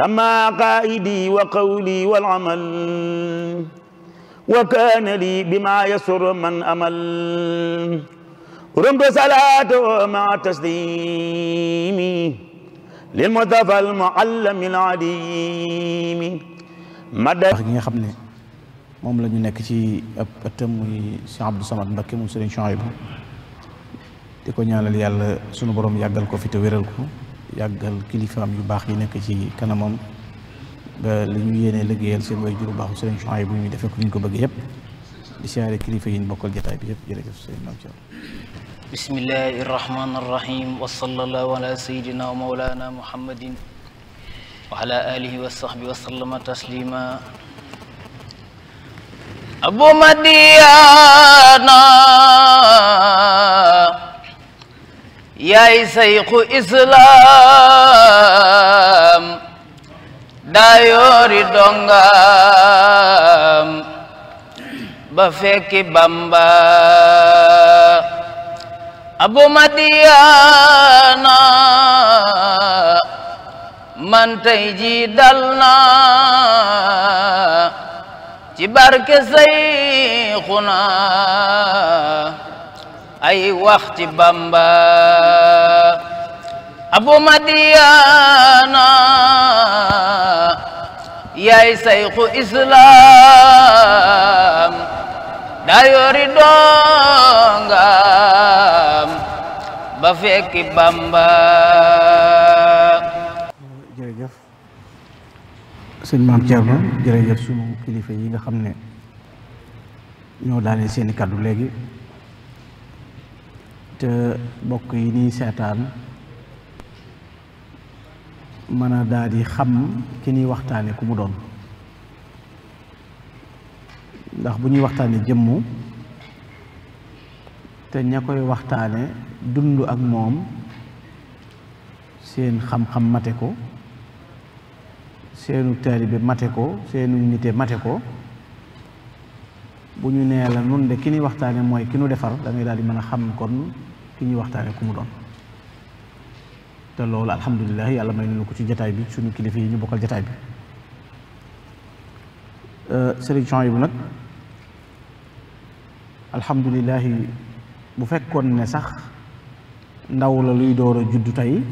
رمى قائدي وقولي والعمل وكان لي بما يسر من امل رمت صلاته مع تسليمي للمصطفى المعلم العليم مدى موم لا ني نيك سي اتم موي سي عبد الصمد مبكي موم شعيب ديكو نيانال يالا سونو بروم ياغال كو yàggal kilifaam yu baax yi nekk ci kanamam ba li ñu yéenee liggéeyal seen way juru baaxu sëriñ Chouaïb bu ñu defee ko ñu ko bëgg yëpp di siyaare kilifa yi ñu bokkal jotaay bi yëpp jërëjëf sëriñ Maam Cerno bismillahi irrahmani irrahim wa sallallahu ala sayidina wa maulana muhammadin wa ala alihi wa sahbi wa sallama taslima abu madiyana yaay sayxu islaam daayoori dongaam ba fekki bamba abu madiyaana man tey ji dal ci barke sayxuna ay waxti bamba abu madiyana yaay sayxu islam daa dongam ba bamba jërëjëf sëñ sunu kilifa yi nga xam ne ñoo daane seeni kaddu léegi te bokk yi nii seetaan mën a daal xam ki ñuy waxtaane ku mu doon ndax bu ñuy waxtaane jëmm te ña koy waxtaane dund ak moom seen xam-xam mate ko seenu taalibe mate ko seenu nite mate ko bu ñu nee la nun de ki ñuy waxtaane mooy ki ñu defar da ngay mën a xam kon ki ñuy waxtaane ku mu doon te loolu alhamdulilah yàlla may nañu ko ci jataay bi suñu kilifa yi ñu bokkal jataay bi sëriñ yi bu nag alhamdulilah bu fekkoon ne sax ndaw la luy door a juddu tey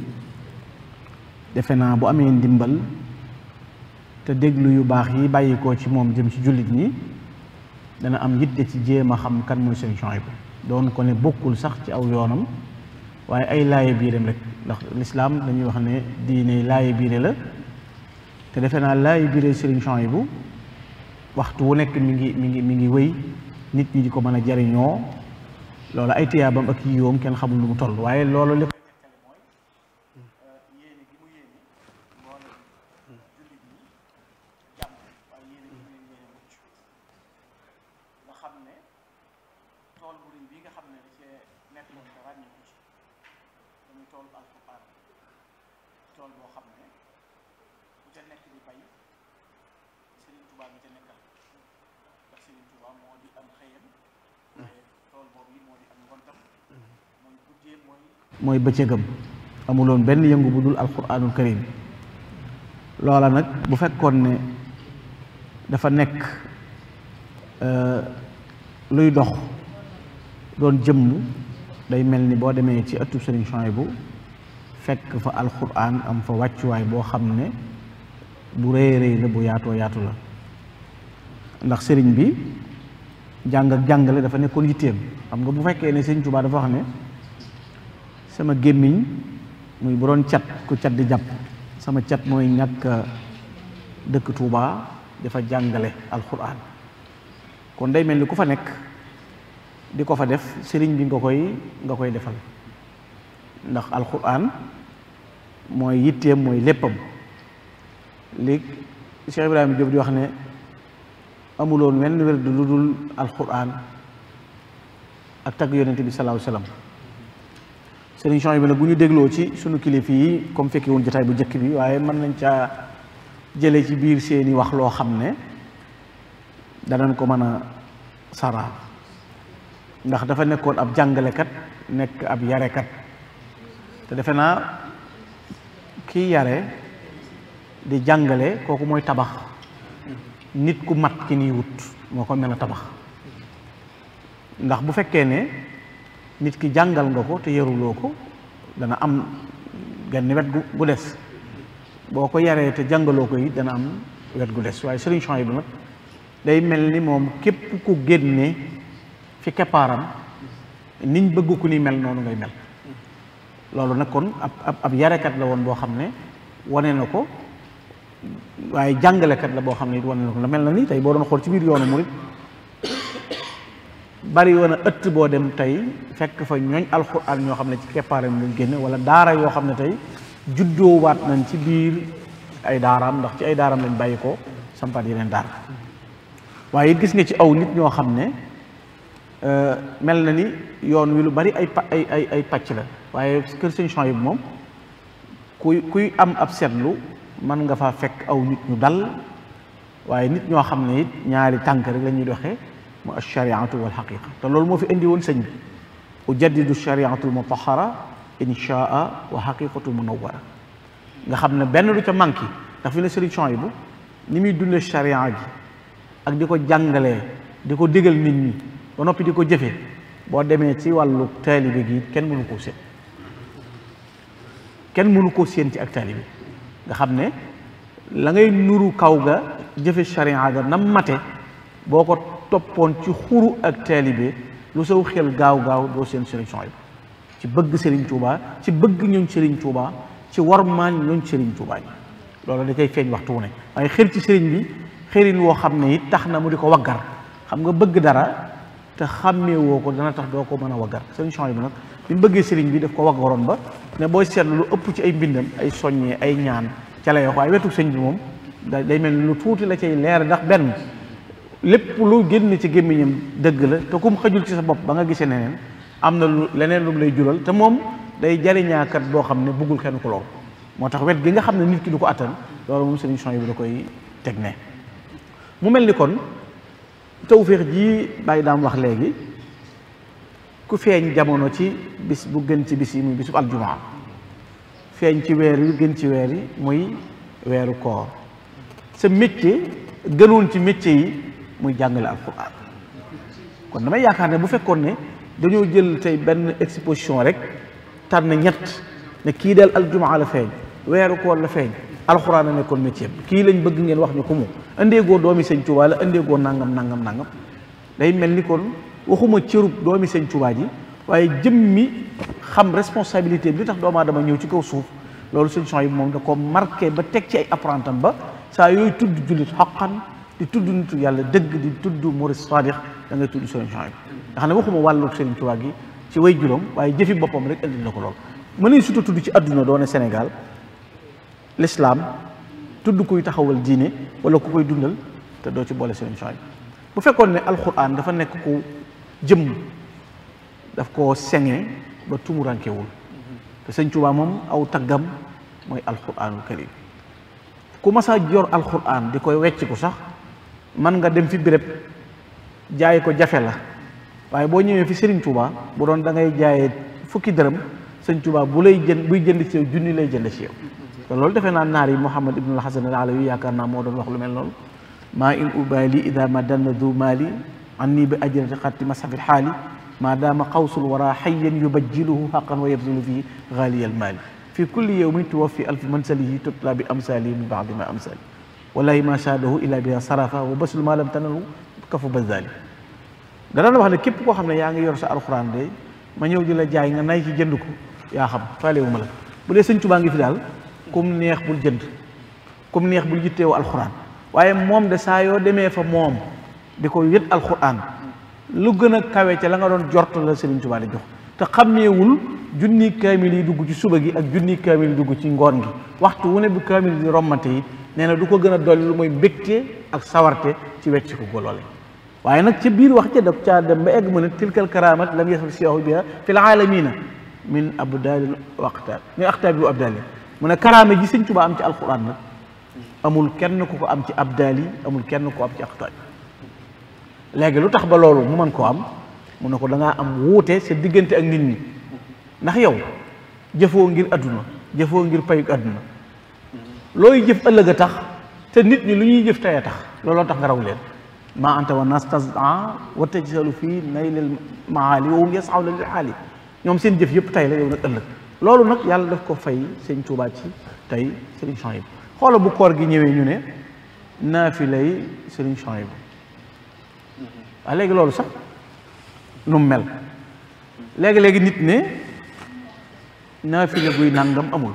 defe naa bu amee ndimbal te déglu yu baax yi bàyyi ko ci moom jëm ci jullit ñi dana am de ci jéem a xam kan mooy sëriñ yi bu doon ko ne bokkul sax ci aw yoonam waaye ay laaye biiram rek ndax lislaam dañuy wax ne diine laaye biire la te defe naa laaye biire sëriñ bu waxtu wu nekk mi ngi mi ngi mi ngi wéy nit ñi di ko mën a jariñoo loolu ay tiyaabam ak yiwoom kenn xamul lu mu toll waaye loolu lépp bëccëgam amulon benn yëngu gubudul Al alquranul karim loola nak bu fekkoon ne dafa euh luy dox doon jëm day mel ni boo ci ëttub serigne Souhaïbou fekk fa alquran am fa waccu way bo ne bu rëy rëy la bu yaatoo yaatu la ndax serigne bi jang ak jangale dafa nekkon yitem xam nga bu fekke ne serigne touba dafa wax ne sama gemiñ muy buron chat ku chat di japp sama cat moy ñak dekk Touba defa jàngale alquran kon day melni ku fa nek diko fa def serign bi nga koy nga koy defal ndax alquran moy yitteem moy leppam li Cheikh ibrahim Diop di wax ne amuloon wenn wérd lu dul alquran ak tag yonnati bi salaahu wasallam sëriñ Jean bi nag bu ñu dégloo ci sunu kilifa yi comme fekkee woon jotaay bu jëkk bi waaye mën nañ ca jëlee ci biir seeni wax loo xam ne danañ ko mën a saraa ndax dafa nekkoon ab jàngalekat nekk ab yarekat te defe naa kiy yare di jàngale kooku mooy tabax nit ku mat ki nii wut moo ko mel a tabax ndax bu fekkee ne nit ki jàngal nga ko te yaruloo ko dana am genn wet gu gu des boo ko yaree te jàngaloo ko yi dana am wet gu des waaye sëriñ bu nag day mel ni moom képp ku génne fi keppaaram niñ bëgg ko ni mel noonu ngay mel loolu nag kon ab ab yarekat la woon boo xam ne wane na ko waaye jàngalekat la boo xam ne it wane na ko la mel na ni tey boo doon xool ci biir yoonu murit bari woon a ëtt boo dem tey fekk fa ñooñ alxuraan ñoo xam ne ci keppaaram lañ génne wala daara yoo xam ne tey juddoo waat nañ ci biir ay daaraam ndax ci ay daaraam lañ bàyyi ko sampaat yeneen daara waaye gis nga ci aw nit ñoo xam ne euh, mel na ni yoon wi lu bari ay ay ay ay pàcc la waaye kër sëñ yi bu moom kuy kuy am ab seetlu mën nga faa fekk aw nit ñu dal waaye nit ñoo xam ne it ñaari tànk rek la ñuy doxee ما الشريعة والحقيقة تلول في عندي ونسن أجدد الشريعة المطهرة إن شاء وحقيقة منورة نخبنا بين لك مانكي تفين سري شايبو نمي دون الشريعة دي أكديكو جنجلة ديكو ديجل نيني ونوبي ديكو جفه بو دمي تي والو تالي بيجي كان منكو سين كان منكو سين تي أكتالي بي نخبنا لغاي نورو كاوغا جفه الشريعة دا نماتي بوكو toppoon ci xuru ak taalibe lu sew xel gaaw-gaaw doo seen Serigne Souhaïbou ci bëgg Serigne Touba ci bëgg ñun Serigne Touba ci warmaan ñun Serigne Touba yi loolu da koy feeñ waxtu wu ne waaye xër ci sëriñ bi xërin woo xam ne it tax na mu di ko waggar xam nga bëgg dara te xàmmee woo ko dana tax doo ko mën a waggar Serigne Souhaïbou nag bi mu bëggee sëriñ bi daf ko waggaroon ba ne booy seetlu lu ëpp ci ay mbindam ay soññee ay ñaan ca lay wax waaye wetu sëñ bi moom day mel lu tuuti la cay leer ndax benn lépp lu génn ci gémmiñam deug la te kum xajul ci sa bop ba nga gisse neneen amna leneen lu lay jural te mom day jariña kat bo xamne bugul kenn ku lor motax wet gi nga xamne nit ki du ko lolu mom serigne chan yi bi da koy teg ne mu melni kon tawfiq ji bay daam wax legi ku feñ jamono ci bis bu genn ci bis yi muy bisu aljumaa feñ ci wer yu genn ci wer yi muy weru koor sa métier gënoon ci métier yi muy jàngale alquran kon damay yaakaar ne bu fekkoon ne dañoo jël tey benn exposition rek tànn ñett ne kii del aljumaa la feeñ weeru koor la feeñ alxuraan a nekkoon métier kii lañ bëgg ngeen wax ñu ko mu indeegoo doomi sëñ Tuubaa la indeegoo nangam nangam nangam day mel ni kon waxuma cërub doomi sëñ Tuubaa ji waaye jëmmi xam responsabilité bi li tax doomu aadama ñëw ci kaw suuf loolu solution yi moom da ko marqué ba teg ci ay ba saa yooyu tudd jullit xaqan di tuddu nitu yàlla deug di tuddu mouris sadiq da nga tuddu serigne chaib xana waxuma walu serigne touba gi ci way jurom waye jëfi bopam rek andi nako lol lool sutu tuddu ci aduna do na Sénégal l'islam tuddu kuy taxawal diine wala ku koy dundal te do ci bolé serigne chaib bu fekkone ne alquran dafa nek ku jëm daf ko sengé ba tumu ranké wul te serigne touba mom aw tagam moy alquranul karim ku mas a yor alquran di koy wecc ko sax man nga dem fi béréb jaay ko jafe la waye bo ñëwé fi Serigne Touba bu doon da ngay jaayé fukki dërëm Serigne Touba bu lay jënd buy jënd ci jooni lay jënd ci yow te loolu defe na naar yi ibn al Hasan al Alawi yaakaar mo doon wax lu mel non ma in ubali idha madanna du mali anni bi ajrati xatti masafil hali ma dama qawsul wara hayyan yubajjiluhu haqqan wa yabzulu fii xaaliyal maali fi kulli yawmin tuwaffi alf mansalihi tutla bi amsaali min baadi ma amsaali walaay ma shaadahu illa biha sarafa wa basul ma lam tanalu kafu basdali da daan wax ne képp koo xam ne yaa ngi yor sa alxuraan de ma ñëw di la jaay nga nay ci jënd ko yaa xam faalewu ma la bu dee sëñ ngi fi daal kum neex bul jënd kum neex bul jitteewu alxuraan waaye moom de yoo demee fa moom di ko yët alxuraan lu gën a kawe ca la nga doon jort la sëriñ Tuubaa di jox te xàmmeewul junni kaamil yi dugg ci suba gi ak junni kaamil yi dugg ci ngoon gi waxtu wu ne bu kaamil di rommante yi neena du ko gëna dolli lu moy mbekté ak sawarte ci wéccu ko golole waye nak ci biir wax ci daf caa dem ba egg mëna tilkal karamat lam yasal siyahu biha fil alamin min abdalin waqtaab min aqtaabi wa abdali mëna ne ji sëñ Tuubaa am ci alquran nak amul kenn ku ko am ci abdali amul kenn ku am ci aqtaabi légui lutax ba lolu mu man ko am mu nako da nga am wuté ci digënté ak nit ñi ndax yow jëfoo ngir aduna jëfoo ngir payug aduna looy jëf ëllëg a tax te nit ñi lu ñuy jëf tey a tax looloo tax nga raw leen maa anta wa nas tasa wa tajsalu fii naylil maali wa hum yasawna lil xaali ñoom seen jëf yëpp tey la yow nag ëllëg loolu nag yàlla daf ko fay sëñ Tuubaa ci tey sëriñ Chouaïb xoola bu koor gi ñëwee ñu ne naafila yi sëriñ Chouaïb waaye ah, léegi loolu sax nu mel léegi-léegi nit ne naafila guy nangam amul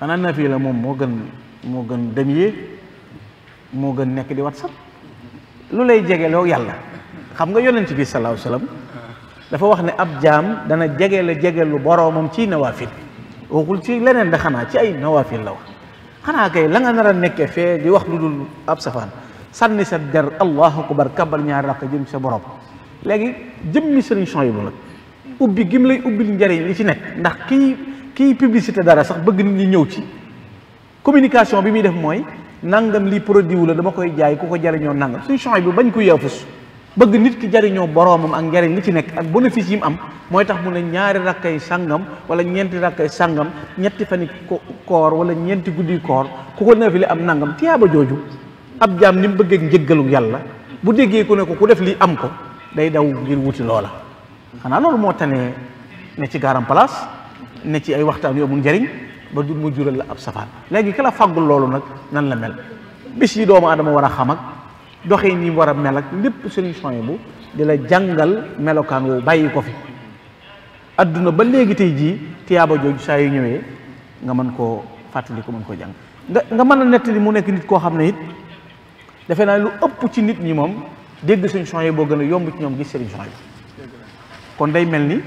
xanaa naafila la moom moo gën moo gën dem moo gën nekk di whatsapp lu lay jege jegeloo yàlla xam nga yonent bi salaahu salaam dafa wax ne ab jaam dana jegele jegelu boroomam ci nawaafil waxul ci leneen da xanaa ci ay nawaafil la wax xanaa kay la nga nar a nekke di wax lu dul ab safaan sànni sa der allahu akbar kabar ñaari rakk jëm sa borom léegi jëmmi sëriñ son yi bu nag ubbi gim lay ubbil njëriñ li ci nekk ndax kii kiy piblicité dara sax bëgg nit ñi ñëw ci communication bi muy def mooy nangam lii produit wu la dama koy jaay ku ko jariñoo nangam suñu champs bi bañ ko yaafus bëgg nit ki jariñoo boroomam ak njariñ li ci nekk ak bénéfice yi mu am mooy tax mu ne ñaari rakkay sangam wala ñeenti rakkay sàngam ñetti fani koor wala ñeenti guddi koor ku ko neefi li am nangam tiyaaba jooju ab jaam ni mu bëggee njëggalu yàlla bu déggee ku ne ko ku def lii am ko day daw ngir wuti loola xanaa loolu moo tane ci garam place ne ci ay waxtaan yu amul njariñ ba du mu jural la ab safaan léegi ki la faggul loolu nag nan la mel bis yi doomu adama war a xam ak ni war a mel ak lépp sëriñ bu di la jàngal melokaan woowu bàyyi ko fi adduna ba léegi tey jii tiyaaba jooju saa yu ñëwee nga mën koo fàttali ko mën koo jàng nga nga mën a nettali mu nekk nit koo xam ne it defe naa lu ëpp ci nit ñi moom dégg suñ son yi boo gën a yomb ci ñoom gis sëriñ son kon day mel ni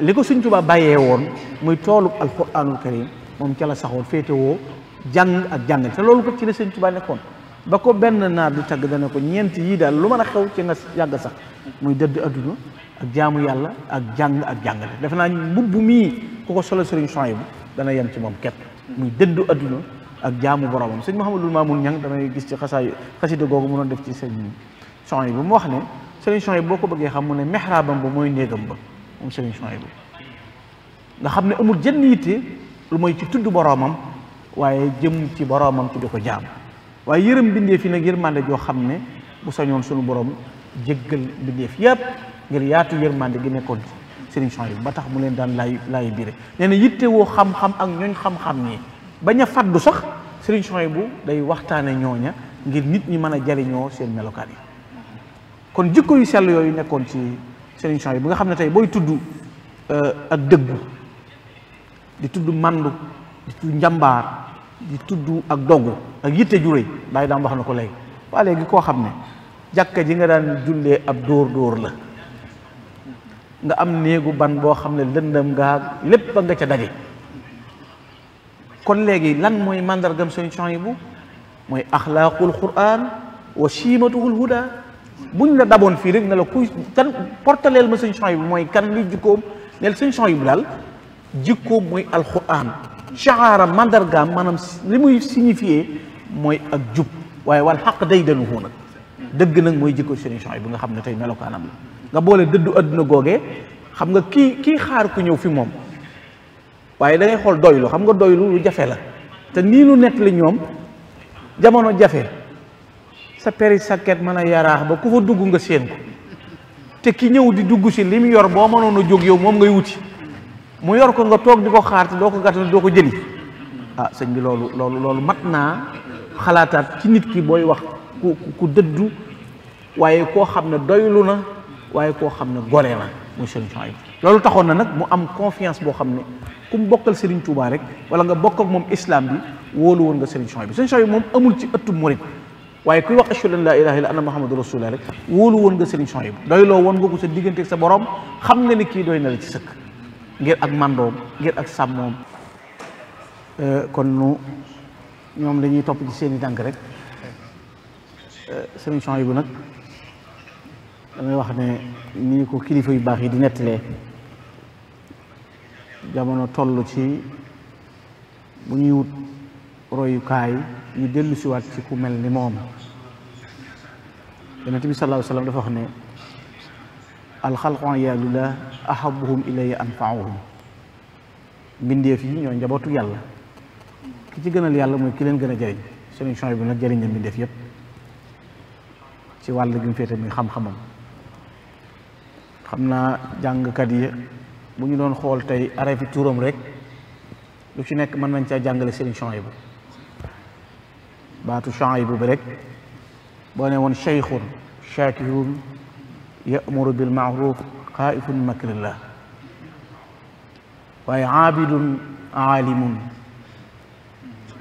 li ko Sëñ Tuubaa bàyyee woon muy toolub alquranul karim moom ca la saxoon féete woo jàng ak jàngale te loolu ko ci la Sëñ Tuubaa nekkoon ba ko benn naar di tagg dana ko ñeent yii daal lu mën a xew ci nga yàgg sax muy dëdd adduna ak jaamu yàlla ak jàng ak jàngale defe naa mbubb mii ku ko solo Sëriñ Souhaïbou dana yem ci moom képp muy dëddu adduna ak jaamu boromam sëñ Mouhamadul Mamoun ñang damay gis ci xasaayu xasida googu mu doon def ci Sëriñ Souhaïbou mu wax ne Sëriñ Souhaïbou boo ko bëggee xam mu ne mexraabam ba mooy néegam ba mom serigne Souhaïbou nga xamne amul jennité lu moy ci tuddu boromam waye jëm ci boromam ci diko ko jaam waaye yërëm bindee fi nag yërmande joo xam ne bu sañon suñu borom jéggal fi yépp ngir yaatu yërmande gi nekkon serigne Souhaïbou ba tax mu len dan lay lay biré néna yitté wo xam-xam ak ñoñ xam-xam ni baña faddu sax sëriñ Souhaïbou day waxtané ñoña ngir nit ñi mëna jariño seen melokaan yi kon jikko yu sel yoyu nekkon ci Serigne Chouaïbou bu nga xam ne tey booy tudd euh, ak dëggu di tudd mandu di tudd njàmbaar di tudd ak doggu ak yitte jure bàyyi daam wax na ko léegi waa léegi koo xam ne jàkka ji nga daan jullee ab dóor dóor la nga am néegu ban boo xam ne lëndëm ngaa lépp nga ca daje kon léegi lan mooy màndargam Serigne Chouaïbou mooy axlaaqul quran wa siimatuhul huda ñu la daboon fii rek ne la kuy kan portaleel ma sëñ son yi mooy kan luy jikkoom neel sëñ son yi bu daal jikkoom mooy alquran maanaam li muy signifié mooy ak jub waaye wal xaq day danuhu nag dëgg nag mooy jikko sëñ son yi bu nga xam ne tey melokaanam la nga boole dëddu àdduna googee xam nga kii kii xaar ku ñëw fi moom waaye da xool doylu xam nga doylu lu jafe la te nii lu nekk li ñoom jamono jafe sa peri sàkket mana a ya yaraax ba ku fa dugg nga séen ko te ki ñew di dugg ci lim yor bo mënoon a jóg yow mom ngay wuti mu yor ko nga tok di xaar te doko ko doko jëli ah señ bi lolu lolu lolu matna naa ci nit ki boy wax ku ku deddu waye ko xamne doyluna waye ko xamne koo xam ne gore na muy sëñ mu am confiance bo xamne ne ku mu bokkal Serigne Touba rek wala nga bokk ak mom islam bi wolu won nga Serigne Souhaïbou Serigne Souhaïbou mom amul ci ëttu mourid waye kuy wax ashhadu an la ilaha illa anna muhammadur rasulullah rek wul won nga serigne Souhaïb doyloo woon nga ko sa digeentek sa borom xam nga ni ki doy na la ci seuk ngir ak mandoom ngir ak euh kon nu ñom dañuy top ci seeni dank rek euh serigne bu nak damay wax ne ni ko kilifa yu bax yi di netlé jamono tollu ci bu ñuy wut royukaay yu dellu siwaat ci ku mel ni moom yonent bi sallallahu alayhi wa sallam dafa wax ne alxalqu iyaalullah ahabuhum ilayya yi ñoo njabootu yàlla ki ci gënal yàlla mooy ki leen gën a jëriñ solution bi nag jëriñ na mbindeef yépp ci wàll gi mu féete muy xam-xamam xam naa jàngkat yi bu ñu doon xool tey arafi turam rek lu ci nekk mën nañ caa jàngale solution yi bu باتو شعيب برك بنا ون شيخ شاكر يأمر بالمعروف خائف مكر الله واي عابد عالم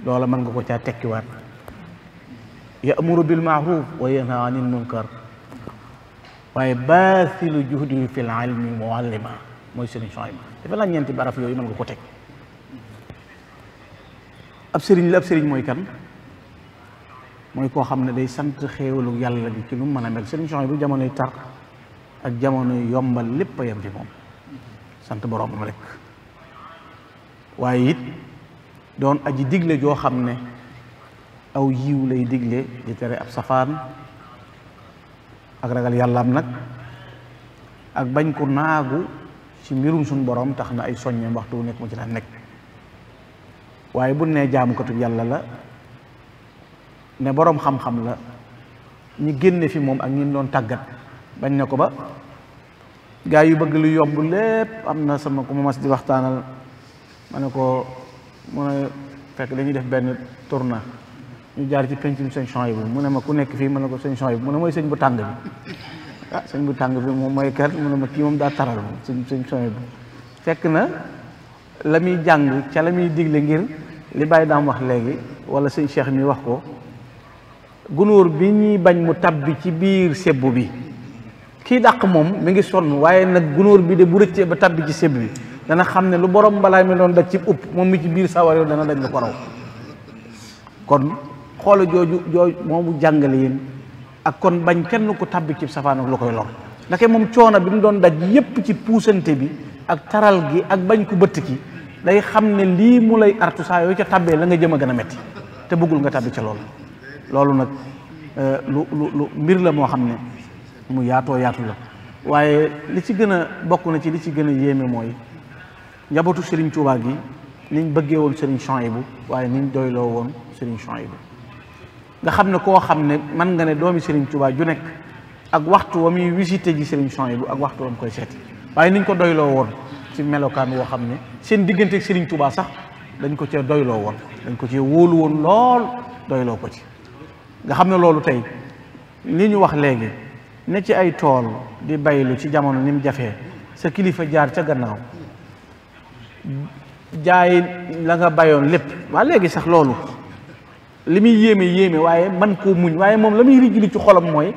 لولا من غو تا تكي يأمر بالمعروف وينهى عن المنكر واي باثل جهده في العلم معلما موي سيرن شعيب دافلا نينتي باراف في من غو تك اب سيرن لاب سيرن موي كان mooy koo xam ne day sant xéewalu yàlla bi ci lu mu mën a mel sëriñ Sohaybu bu jamonoy tar ak jamonoy yombal lépp a yem ci moom sant boroomam rek waaye it doon aji digle joo xam ne aw yiw lay digle di tere ab safaan ak ragal yàllaam nag ak bañ ko naagu ci mbirum suñ borom tax na ay soññeem waxtu wu nekk mu ci daan nekk waaye bu ne jaamukatu yàlla la ne boroom xam-xam la ñi génne fi moom ak ñi doon tàggat bañ na ko ba gaa yu bëgg lu yomb lépp am na sama ku ma mas di waxtaanal ma ne ko mun a fekk dañuy def benn tournant ñu jaar ci pencum seen champs yi mu ne ma ku nekk fii mu ne ko seen champs yi mu ne mooy sëñ bu tàng bi ah sëñ bu tàng bi moom mooy kër mu ne ma kii moom daa taral moom sëñ sëñ champs yi fekk na la muy jàng ca la muy digle ngir li bàyyi daam wax léegi wala sëñ Cheikh mi wax ko Gunur bi ñi bañ mu tabbi ci biir sebbu bi ki dak mom mi ngi son waye nag gunur bi de bu rëccee ba tabbi ci sebbu bi dana xamne lu borom balaa mi doon da ci upp mom mi ci biir sawar dana lañ ko raw kon xol joju joj momu jangale yeen ak kon bañ kenn ku tabbi ci safaan ak lu koy lor ndake mom choona bi mu don daj yep ci pousante bi ak taral gi ak bañ ku beut ki day xamne li mu lay artu sa yo ci tabbe la nga gëna metti te bëggul nga tabbi ci loolu nag euh, lu lu mbir la moo xam ne mu yaatoo yaatu la waaye li ci gën a bokk na ci li ci gën a yéeme mooy njabootu Serigne Touba gi niñ bëggee woon Serigne bu waaye niñ doyloo woon Serigne Souhaïbou nga xam ne koo xam ne mën nga ne doomi Serigne Touba ju nekk ak waxtu wa muy visité ji Serigne bu ak waxtu wa koy seeti waaye niñ ko doyloo woon ci melokaan woo xam ne seen diggante ak Serigne Touba sax dañ ko cee doyloo woon dañ ko cee wóolu woon lool doyloo ko ci nga xam ne loolu tey li ñu wax léegi ne ci ay tool di baylu ci jamono ni mu jafee sa kilifa jaar ca gannaaw jaay la nga bayoon lépp waa léegi sax loolu li muy yéeme yéeme waaye man koo muñ waaye moom la muy rijjli ci xolam mooy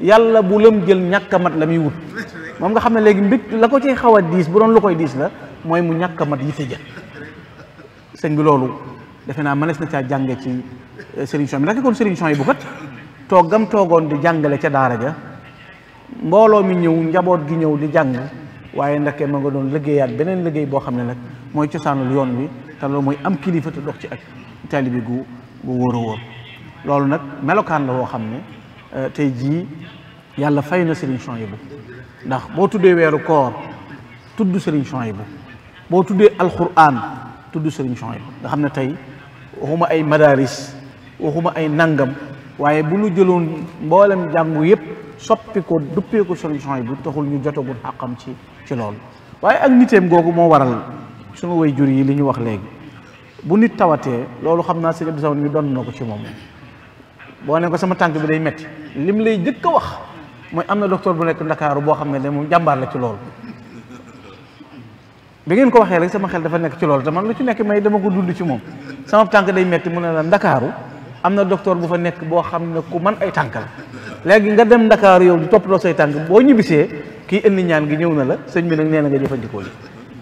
yàlla bu lam jël ñàkk mat la muy wut moom nga xam ne léegi mbég la ko ciy xaw diis bu doon lu koy diis la mooy mu ñàkk mat yi te jël sëñ bi loolu defe naa mënees na caa jànge ci euh, Serigne Souhaïbou naka kon Serigne Souhaïbou kat toogam toogoon di jàngale ca daara ja mbooloo mi ñëw njaboot gi ñëw di jàng waaye ndake ma nga doon liggéeyaat beneen liggéey boo xam ne nag mooy cosaanul yoon wi te loolu mooy am kilifa te ci ak taalibe gu gu wóor loolu nag melokaan la woo xam ne euh, tey jii yàlla fay na Serigne Souhaïbou ndax boo tuddee weeru koor tudd Serigne Souhaïbou boo tuddee alxuraan tudd Serigne Souhaïbou nga xam ne tey waxuma ay madaris waxuma ay nangam waaye bu ñu jëloon mboolem jàngu yëpp soppi ko duppee ko sëriñ bu taxul ñu jotagul xàqam ci ci loolu waaye ak niteem googu moo waral suma woy jur yi li ñu wax léegi bu nit tawatee loolu xam naa di Abdou Samad mi doon na ko ci moom boo ne ko sama tànk bi day metti mu lay jëkk a wax mooy am na docteur bu nekk Ndakaaru boo xam ne de moom jàmbaar la ci loolu bi ngeen ko waxee rek sama xel dafa nekk ci loolu te man lu ci nekk may dama ko dund ci moom sama tànk day metti mu ne la ndakaaru am na docteur bu fa nekk boo xam ne ku man ay tànk la léegi nga dem ndakaaru yow di toppatoo say tànk boo ñibbisee kii indi ñaan gi ñëw na la sëñ bi nag nee na nga jëfandikoo li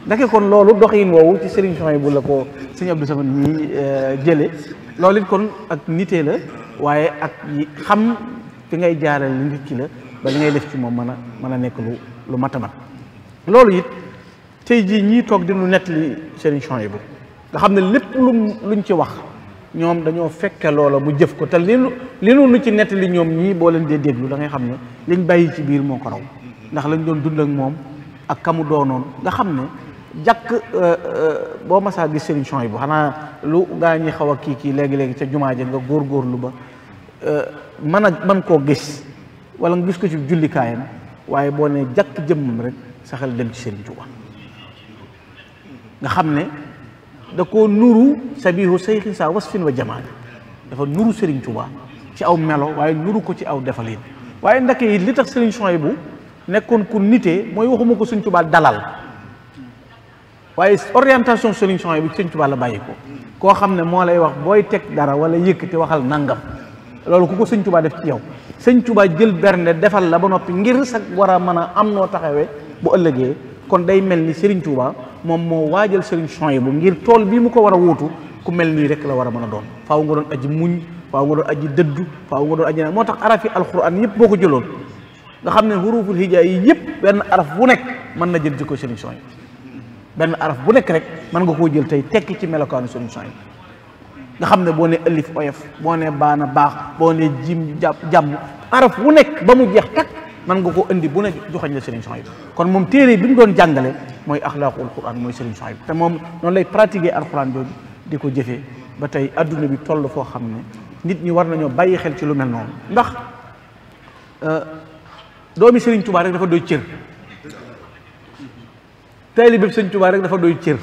ndake kon loolu doxin woowu ci sëriñ Soxna bu la ko sëñ Abdou Samad ñi euh, jële loolu it kon ak nitee la waaye ak xam fi ngay jaarale nit ki la ba li def ci moom mën a mën a nekk lu lu matamat loolu it tey jii ñii toog di dinu nettali Serigne Souhaïbou nga xam ne lépp lu luñ ci wax ñoom dañoo fekke loola mu jëf ko te li li nu ci nettali ñoom ñii boo leen dee déglu da ngay xam ne liñ bàyyi ci biir moo ko raw ndax lañu doon dund ak moom ak kamu doonoon nga xam ne jàkk euh, euh, boo masaa gis Serigne bu xanaa lu gaa ñi xaw a kii kii léegi-léegi ca jumaa ja nga góor góorlu ba euh, mën a mën koo gis wala nga gis ko ci jullikaayam waaye boo ne jàkk jëm rek saxal dem ci Serigne Touba نخمنه دكو نورو سبيه سيخن سا وصفين وجمال دفا نورو سرين توبا شي او ميلو واي نورو كو او دفالين واي نداكي لي تخ سرين شويبو نيكون كو نيتي موي وخمو سرين توبا دلال واي اورينتاسيون سرين شويبو سرين توبا لا بايكو كو خمنه مولاي واخ بوي تك دارا ولا ييكتي واخال نانغام لولو كوكو سرين توبا ديف تي ياو سرين توبا جيل برنه دفال لا بو نوبي غير سا ورا مانا امنو تاخاوي بو ألجي كون داي ملني سرين توبا moom moo waajal sëriñ Souhaïbou ngir tool bii mu ko war a wuutu ku mel nii rek la war a mën a doon faaw nga doon aji muñ faaw nga doon aji dëddu faaw nga doon aji naan moo tax araf yi alquran yëpp boo ko jëloon nga xam ne huruful hijaa yi benn araf bu nekk mën na jël jikko sëriñ Souhaïbou benn araf bu nekk rek mën nga koo jël tey tekki ci melokaanu sëriñ Souhaïbou nga xam ne boo ne ëllif oyof boo ne baana baax boo ne jim jàmm araf bu nekk ba mu jeex takk mën nga koo indi bu ne joxañ la sëriñ Souhaïbou kon moom téere bi mu doon jàngale moy akhlaqul quran moy Serigne sahib te mom non lay pratiquer alquran do diko ko batay aduna bi tollu fo xamne nit ñi war nañu bàyyi xel ci lu mel non ndax euh doomi Serigne Touba rek dafa doy cër taalibeeb serigne Touba rek dafa doy cieur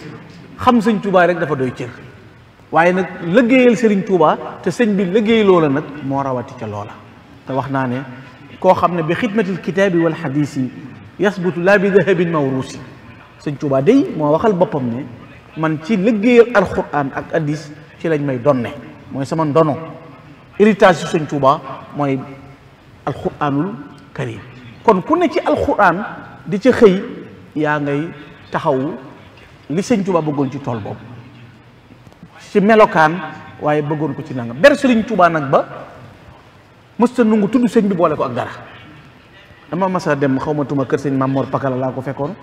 xam serigne Touba rek dafa doy cieur waye nak liggéeyal Serigne Touba te serigne bi liggéey lola nak mo rawati ca lola te wax naa ne koo xam bi khidmatil kitaabi wal xadiis yi yasbutu laa bi dahabin mawruusi sëñ Tuubaa day moo waxal boppam ne man ci liggéeyal alxuraan ak addis ci lañ may donne mooy sama ndono héritage su sëñ Tuubaa mooy alxuraanul karim kon ku ne ci alxuraan di ca xëy yaa ngay taxaw li sëñ Tuubaa bëggoon ci tool boobu ci melokaan waaye bëggoon ko ci nangam ber sëriñ Tuubaa nag ba mësta nungu tudd sëñ bi boole ko ak dara dama masa dem xaw ma tuma kër sëñ Mamor Pakala laa ko fekkoon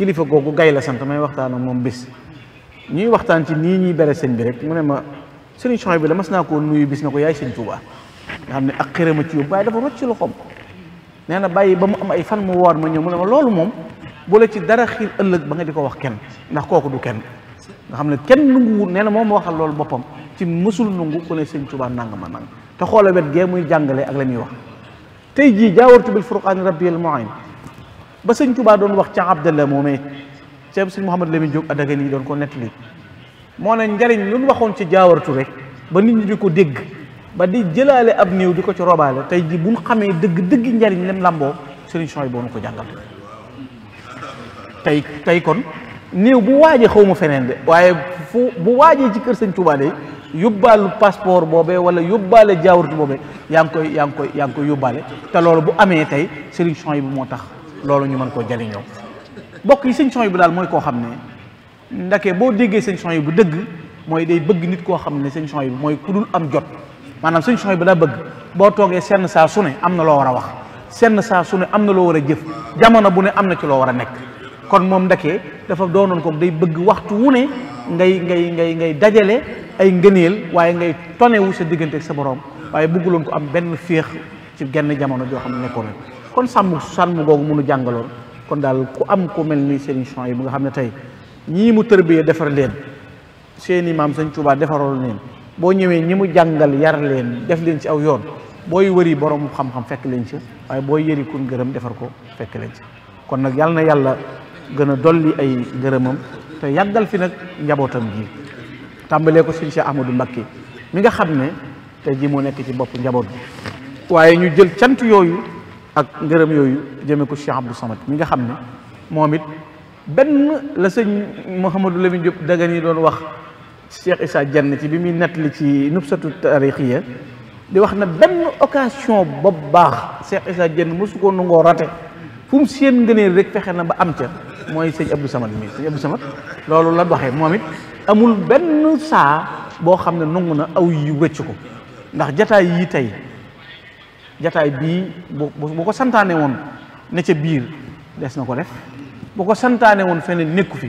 kilifa googu gay la sant may waxtaan ak moom bis ñuy waxtaan ci nii ñuy bere seen bi rek mu ne ma sëriñ soxna bi la mas naa koo nuyu bis na ko yaay sëñ Tuubaa nga xam ne ak xërama ci yóbbu waaye dafa rocc loxoom nee na bàyyi ba mu am ay fan mu woor ma ñëw mu ne ma loolu moom bu ci dara xiir ba nga di ko wax kenn ndax kooku du kenn nga xam ne kenn nunguwul nee na moom ma waxal loolu boppam ci mësul nungu ku ne sëñ Tuubaa nang ma nang te xoola wet gee muy jàngale ak la muy wax tey jii jaawartu bil furqaani rabbil muin ba sëñ Touba doon wax ca Abdallah moomee ceeb sëñ Mouhamadou Lamine Diop Adagani doon ko nettali moo ne njariñ lu ñu waxoon ci jaawartu rek ba nit ñi di ko dégg ba di jëlaale ab néew di ko ci robaale tey ji buñ xamee dëgg dëgg njariñ lem lamboo sëriñ Sooy boo nu ko jàngal tey tey kon néew bu waajee xaw ma feneen de waaye fu bu waajee ci kër sëñ Touba de yóbbaalu passeport boobee wala yóbbaale jaawartu boobee yaa ngi koy yaa ngi koy yaa ngi koy yóbbaale te loolu bu amee tey sëriñ Sooy bi moo tax loolu ñu mën koo jëriñoo bokk yi sëñ son yi bu daal mooy koo xam ne ndake boo déggee sëñ son yi bu dëgg mooy day bëgg nit koo xam ne sëñ son yi mooy ku am jot maanaam sëñ son yi bu daa bëgg boo toogee senn saa su ne am na loo war a wax senn saa su ne am na loo war a jëf jamono bu ne am na ci loo war a nekk kon moom ndake dafa doonoon ko day bëgg waxtu wu ne ngay ngay ngay ngay dajale ay ngëneel waaye ngay tonewu sa diggante ak sa borom waaye bëgguloon ko am benn féex ci genn jamono joo xam ne nekkoon kon sàmm sàmm googu mënu jàngaloon kon daal ku am ku mel ni Serigne Souhaïbou bu nga xam ne tey ñii mu tërbiyee defar leen seeni maam sañ Tuubaa defaroon leen boo ñëwee ñi mu jàngal yar leen def leen ci aw yoon booy wëri boroomu xam-xam fekk leen ci waaye booy yëri kun gërëm defar ko fekk leen ci kon nag yàlla na yàlla gën a dolli ay gërëmam te yàggal fi nag njabootam ji tàmbalee ko Sëñ Cheikh Ahmadou Mbacké mi nga xam ne te jii mu nekk ci bopp njaboot bi waaye ak ngërëm yooyu jëme ko Cheikh Abdou Samad mi nga xam ne moom it benn la sëñ Mouhamadou Lamine Diop Dagana doon wax Cheikh Issa jenn ci bi muy nettali ci nubsatu taarixiya di wax na benn occasion ba baax Cheikh Issa Diagne mosu ko nangoo rate fu mu seen ngëneel rek fexe na ba am ca mooy sëñ Abdou Samad mi sëñ Abdou Samad loolu la doxee moom it amul benn saa boo xam ne nangu na aw yu wëcc ko ndax jataay yi tey jataay bii boo ko santaane woon ne ca biir des na ko def boo ko santaane woon feneen nekku fi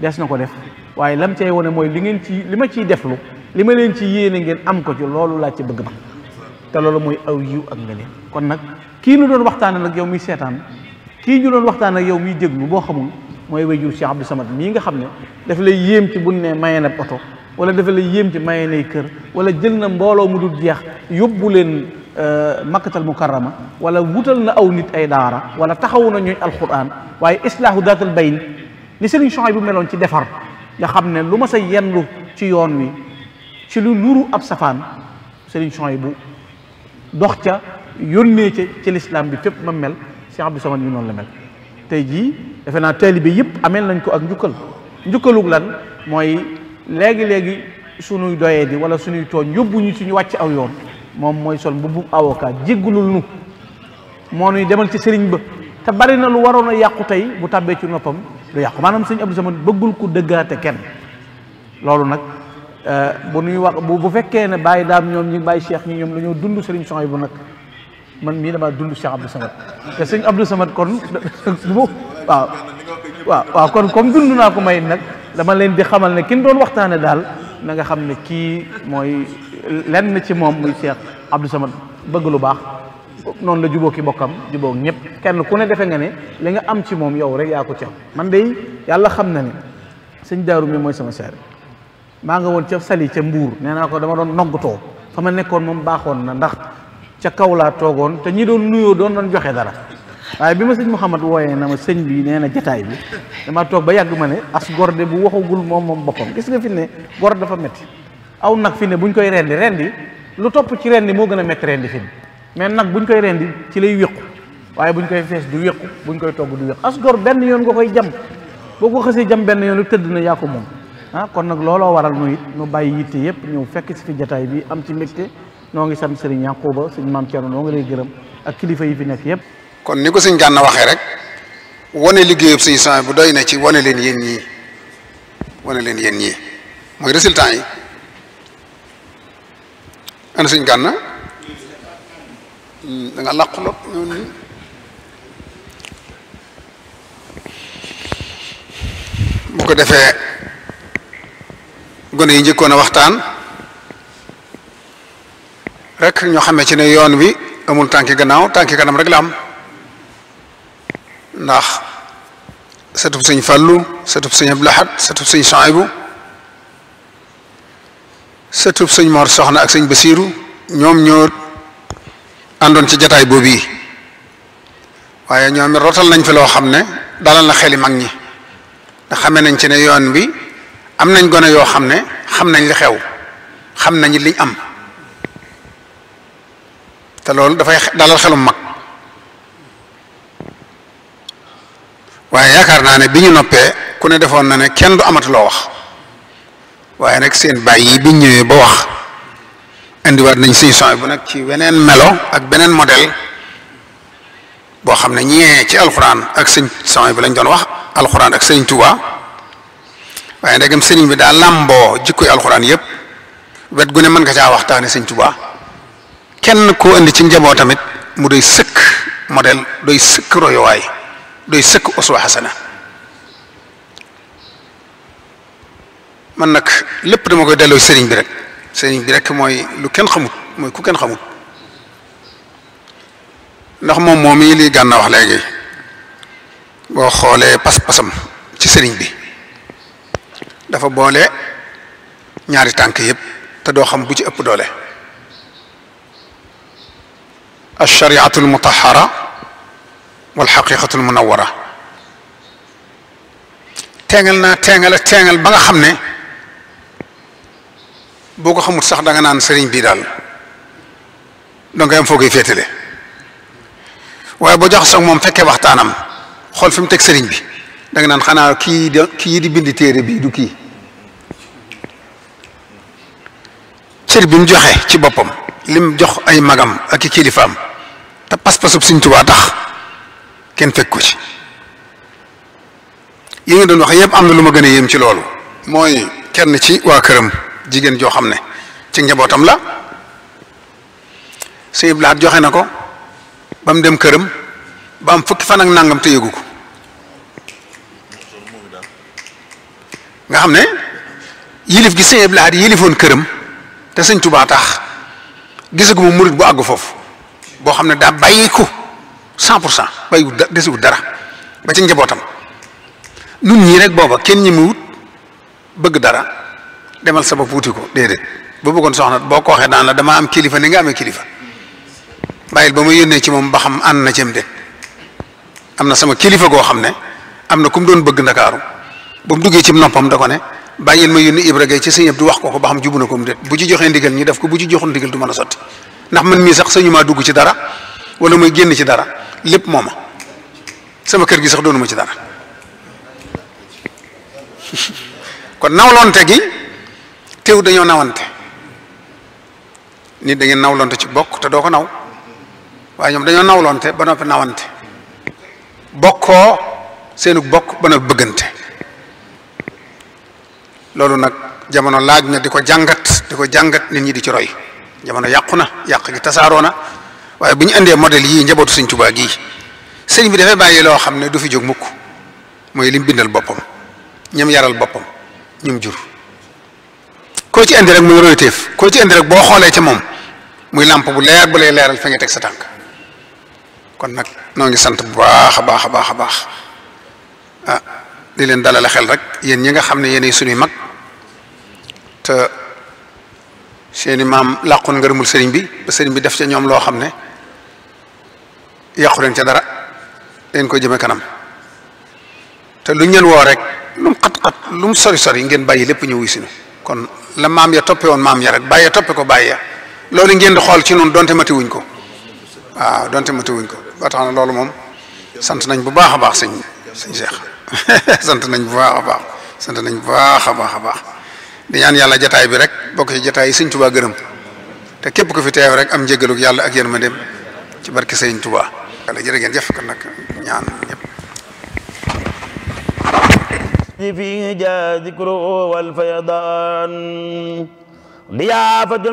des na ko def waaye lam cay wone mooy li ngeen ci li ma ciy deflu li ma leen ci yéene ngeen am ko ci loolu laa ci bëgg ma te loolu mooy aw yiw ak nga leen kon nag kii nu doon waxtaane nag yow muy seetaan kii ñu doon waxtaan ak yow muy déglu boo xamul mooy wéju Cheikh Abdou Samad mii nga xam ne daf lay yéem ci bu ne mayee na oto wala dafa lay yéem ci maye nay kër wala jël na mbooloo mu dul jeex yóbbu leen آه، مكه المكرمه ولا ووتلنا او نيت اي دارا ولا تخاونا ني القران واي اصلاح ذات البين ني سيرن شعيب ميلون سي ديفار يا خامن لوما سا يندو سي يون وي سي لو نورو اب سفان سيرن شعيب دوختا يوني تي سي الاسلام بي فيب ما مل سي عبد الصمد ني نون لا مل تاي جي دافنا تاليبي ييب امل نانكو اك نجوكل نجوكلوك لان موي لغي لغي سونو دويدي ولا سونو تو يوبو ني سونو واتي او يون moom mooy sol mbubbum avocat jéggulul nu moo nuy demal ci sëriñ ba te bari na lu waroon a yàqu tey bu tàbbee ci noppam lu yàqu maanaam sëñ Abdou Samad bëggul ku dëggaate kenn loolu nag euh, bu nuy wax bu fekkee ne bàyyi daam ñoom ñi bàyyi cheikh ñi ñoom la ñoo dund sëriñ Soxay bu nag man mii damaa dund Cheikh Abdou Samad te sëñ Abdou Samad kon bu waaw waaw kon comme dund naa ko may nag dama leen di xamal ne kenn doon waxtaane daal na nga xam ne kii mooy lenn ci moom muy Cheikh Abdou Samad bëgg lu baax noonu la juboo ki bokkam juboo ñëpp kenn ku ne defe nga ne li nga am ci moom yow rek yaa ko ci am man de yàlla xam na ne sëñ daaru mi mooy sama seere maa nga woon ca sali ca mbuur nee naa ko dama doon noggatoo fa ma nekkoon moom baaxoon na ndax ca kaw laa toogoon te ñi doon nuyoo doon doon joxe dara waaye bi ma sëñ Mouhamad wooyee na ma sëñ bi nee na jataay bi dama toog ba yàgg ma ne as gorde bu waxagul moom moom boppam gis nga fi ne gor dafa metti aw nag fi ne buñ koy rendi rendi lu topp ci rendi moo gën a métti rendi fi mais nag buñ koy rendi ci lay wéqu waaye buñ koy fees du wéqu buñ koy togg du wéqu as gor benn yoon nga koy jam boo ko xësee jam benn yoon lu tëdd na yaa ko moom ah kon nag looloo waral nu it nu bàyyi yitte yëpp ñëw fekk si fi jataay bi am ci mbégte noo ngi sant sëriñ ba suñ maam Thierno noo nga lay gërëm ak kilifa yi fi nekk yëpp kon ni ko suñ gànna waxee rek wane liggéeyub suñu sang bu doy na ci wane leen yéen ñii wane leen yéen ñii mooy résultat yi ana sëñ gànna hmm, da nga làqu lot bu ko defee gone yi njëkkoon a waxtaan rek ñoo xamee ci ne yoon wi amul tànki ganaaw tànki kanam rek la am ndax satub sëñ fàllu satub sëñ ablahat satub sëñ chaibu sëtub sëñ moor Soxna ak sëñ Basiiru ñoom ñoo àndoon ci jataay boobu yi waaye ñoom it nañ fi loo xam ne dalal na xeli mag ñi ndax nañ ci ne yoon bi am nañ gone yoo xam ne xam nañ li xew xam nañ liñ am te loolu dafay dalal xelum mag waaye yaakaar naa ne bi ñu noppee ku ne defoon na ne kenn du amatuloo wax waaye nag seen baay yi biñ ñëwee ba wax indi indiwaat nañ siy son bu nag ci weneen melo ak beneen modèle boo xam ne ñee ci alxuraan ak sëñ son bi lañ doon wax alxuraan ak sëriñ Tuuba waaye ndegam sëriñ bi daa làmboo jikkoy alxuraan yëpp wet gu ne mën nga caa waxtaane sëñ Tuuba kenn ko indi ci njaboot tamit mu doy sëkk modèle doy sëkk royuwaay doy sëkk uswa xasana man nak lépp dama koy delo serigne bi rek serigne bi rek moy lu ken xamul moy ku ken xamul ndax mom moom mii lii gànna wax léegi bo xolé pass passam ci serigne bi dafa bolé ñaari tànk yeb te do xam bu ci ëpp doole الشريعة المطهرة والحقيقة المنورة teengal naa teengal a teengal boo ko xamul sax danga naan sëriñ bii daal da ngay am foo koy féetale waaye boo jox sax moom fekkee waxtaanam xool fi mu teg sëriñ bi danga naan xanaa kii di kii di bind téere bii du kii cër bi mu joxe ci boppam lim jox ay magam ak i kilifaam te pas-pasub Sëriñ Tuubaa tax kenn fekk ko ci yi nga doon wax yëpp am na lu ma gën a yéem ci loolu mooy kenn ci waa këram jigéen joo xam ne ci njabootam la sëñ Blaat joxe na ko ba dem këram ba am fukki fan ak nangam te yëgu ko nga xam ne yilif gi sëñ Blaat yilifoon këram te sëñ Tuubaa tax gisagu ma murit bu àgg foofu boo xam ne daa bàyyi ko cent pour cent bàyyiwul dara ba ci njabootam nun ñii rek booba kenn ñi mu bëgg dara. demal sa bopp wuti ko déedéet bu bëggoon soxna boo ko waxee daan la damaa am kilifa ni nga amee kilifa bàyyil ba ma yónnee ci moom ba xam ànd na cem de am na sama kilifa goo xam ne am na ku mu doon bëgg ndakaaru ba mu duggee ci noppam da ko ne bàyyil ma yenn Ibra Gay ci sëñ Abdu wax ko ko ba xam jubu na ko mu de bu ci joxee ndigal ñi def ko bu ci joxul ndigal du mën a sotti ndax man mii sax sañu ma dugg ci dara wala muy génn ci dara lépp moo sama kër gi sax doonu ma ci dara teew dañoo nawante nit da ngeen nawlonte ci bokk te doo ko naw waaye ñoom dañoo nawlonte ba noppi nawante bokkoo seenu bokk ba noppi bëggante loolu nag jamono laaj na di ko jàngat di ko jàngat nit ñi di ci roy jamono yàqu na yàq gi tasaaroo na waaye bu ñu andee modèle yii njabootu sëñ Tuubaa gii sëñ bi dafay bàyyi loo xam ne du fi jóg mukk mooy lim bindal boppam ñam yaral boppam ñum jur koo ci indi rek muy teef koo ci indi rek boo xoolee ci moom muy làmp bu leer bu lay leeral fi nga teg sa tànk kon nag noo ngi sant bu baax a baax a baax a baax a ah, di leen dalal xel rek yéen ñi nga xam ne yéenay suñuy mag te seeni maam nga ngërëmul sëriñ bi ba sëriñ bi def ca ñoom loo xam ne yàqu leen ca dara leen ko jëme kanam te lu ñu leen woo rek lu mu xat-xat lu mu sori sori ngeen bàyyi lépp ñëw wuy sinu kon la maam ya toppe woon maam ya rek bàyyi toppe ko bàyyi ya loolu ngeen di xool ci noonu donte mati wuñ ko waaw donte mati wuñ ko ba tax loolu moom sant nañ bu baax a baax sëñ sëñ Cheikh sant nañ bu baax a baax sant nañ bu a baax a baax di ñaan yàlla jataay bi rek bokk ci jataay yi sëñ Touba gërëm te képp ku fi teew rek am njëgalug yàlla ak yéen ma dem ci barke sëñ Touba. yàlla jërë ngeen jëf kon nag ñaan فيه جاء ذكره والفيضان ضيافة